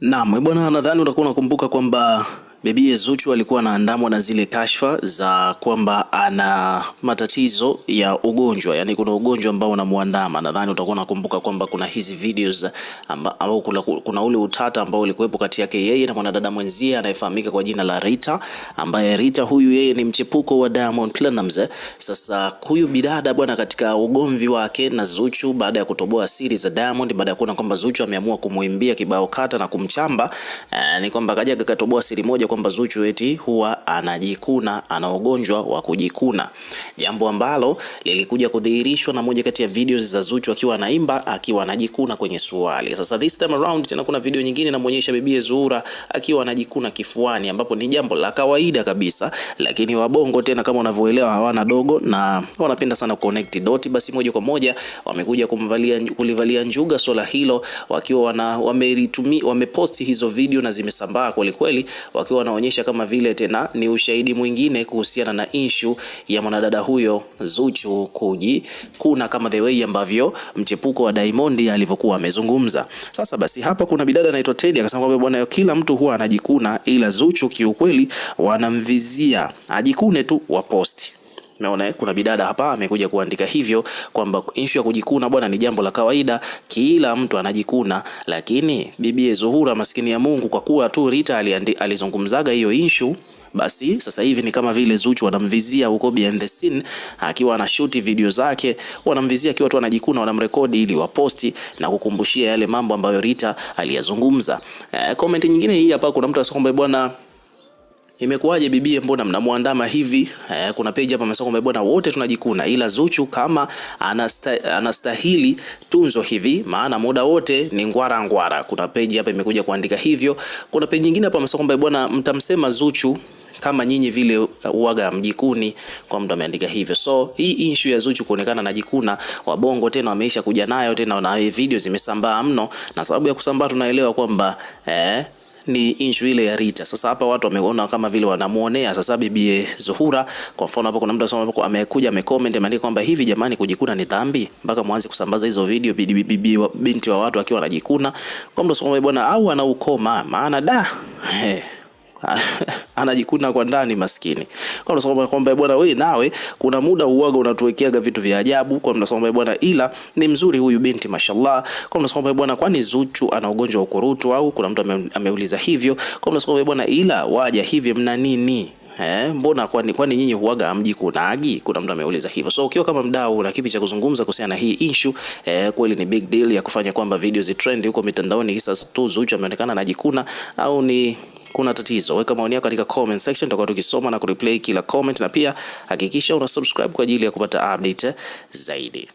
Naam, bwana, nadhani utakuwa unakumbuka kwamba Bibi Zuchu alikuwa anaandamwa na zile kashfa za kwamba ana matatizo ya ugonjwa, yani kuna ugonjwa ambao unamuandama. Nadhani utakuwa unakumbuka kwamba kuna hizi videos amba, ambao kuna, kuna ule utata ambao ulikuwepo kati yake yeye na mwanadada mwenzie anayefahamika kwa jina la Rita, ambaye Rita huyu yeye ni mchepuko wa Diamond Platinumz. Sasa huyu bidada bwana, katika ugomvi wake na Zuchu baada ya kutoboa siri za Diamond, baada ya kuona kwamba Zuchu ameamua kumuimbia kibao kata na kumchamba eh, ni kwamba kaja akatoboa siri moja kwa kwamba Zuchu eti huwa anajikuna, ana ugonjwa wa kujikuna, jambo ambalo lilikuja kudhihirishwa na moja kati ya videos za Zuchu akiwa anaimba akiwa anajikuna kwenye suali. Sasa this time around tena kuna video nyingine inamuonyesha bibie Zuhura akiwa anajikuna kifuani, ambapo ni jambo la kawaida kabisa, lakini wabongo tena kama unavyoelewa hawana dogo na wanapenda sana connect doti, basi moja kwa moja wamekuja kumvalia kulivalia njuga swala hilo wakiwa wana wameritumi wameposti hizo video na zimesambaa kweli kweli wakiwa anaonyesha kama vile tena ni ushahidi mwingine kuhusiana na inshu ya mwanadada huyo Zuchu kujikuna kama the way ambavyo mchepuko wa Diamond alivyokuwa amezungumza. Sasa basi, hapa kuna bidada anaitwa Teddy akasema kwamba bwana, kila mtu huwa anajikuna, ila Zuchu kiukweli wanamvizia ajikune tu wa posti Umeona, eh, kuna bidada hapa amekuja kuandika hivyo kwamba issue ya kujikuna bwana ni jambo la kawaida, kila mtu anajikuna. Lakini bibi Zuhura maskini ya Mungu, kwa kuwa tu Rita alizungumzaga hiyo issue basi sasa hivi ni kama vile Zuchu wanamvizia huko behind the scene, akiwa anashuti video zake, wanamvizia akiwa tu anajikuna, wanamrekodi ili waposti na kukumbushia yale mambo ambayo Rita aliyazungumza. E, comment nyingine hii hapa, kuna mtu anasema bwana Imekuwaje bibi, mbona mnamuandama hivi? Eh, kuna page hapa amesema kwamba bwana, wote tunajikuna, ila Zuchu kama anasta, anastahili tunzo hivi, maana muda wote ni ngwara ngwara. Kuna page hapa imekuja kuandika hivyo. Kuna page nyingine hapa amesema kwamba bwana, mtamsema Zuchu kama nyinyi vile uwaga mjikuni kwa mtu ameandika hivyo. So hii issue ya Zuchu kuonekana na jikuna wabongo tena wameisha kuja nayo tena, na video zimesambaa mno, na sababu ya kusambaa tunaelewa kwamba eh ni inshu ile ya Rita. Sasa hapa watu wameona kama vile wanamuonea sasa bibi Zuhura. Kwa mfano hapo kuna mtu anasema hapo amekuja amecomment ameandika kwamba hivi jamani, kujikuna ni dhambi mpaka mwanze kusambaza hizo video bibi, bibi binti wa watu akiwa anajikuna. Kwa mtu anasema bwana, au anaukoma maana da anajikuna kwa ndani maskini unasema kwamba bwana wewe, nawe kuna muda uoga unatuwekeaga vitu vya ajabu, kwa kwamba bwana, ila ni mzuri huyu binti mashallah. Kwa kwamba bwana, kwani Zuchu ana ugonjwa wa ukurutu au? Kuna mtu ameuliza hivyo. Kwa kwamba bwana, ila waja hivi mna nini? Eh, mbona kwani kwani nyinyi huaga amji kunagi? Kuna mtu ameuliza hivyo. So ukiwa kama mdau na kipi cha kuzungumza kuhusiana na hii issue eh, kweli ni big deal ya kufanya kwamba video zi trend huko mitandaoni, hisa tu Zuchu ameonekana anajikuna au ni kuna tatizo? Weka maoni yako katika comment section, tutakuwa tukisoma na kureplay kila comment, na pia hakikisha una subscribe kwa ajili ya kupata update zaidi.